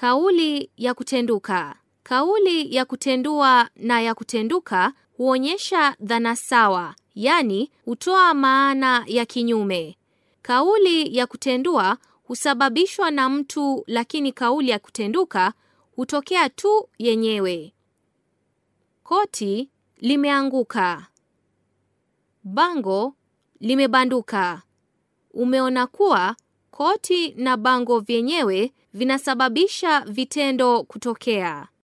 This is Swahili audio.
Kauli ya kutenduka. Kauli ya kutendua na ya kutenduka huonyesha dhana sawa, yaani hutoa maana ya kinyume. Kauli ya kutendua husababishwa na mtu, lakini kauli ya kutenduka hutokea tu yenyewe. Koti limeanguka, bango limebanduka. Umeona kuwa Koti na bango vyenyewe vinasababisha vitendo kutokea.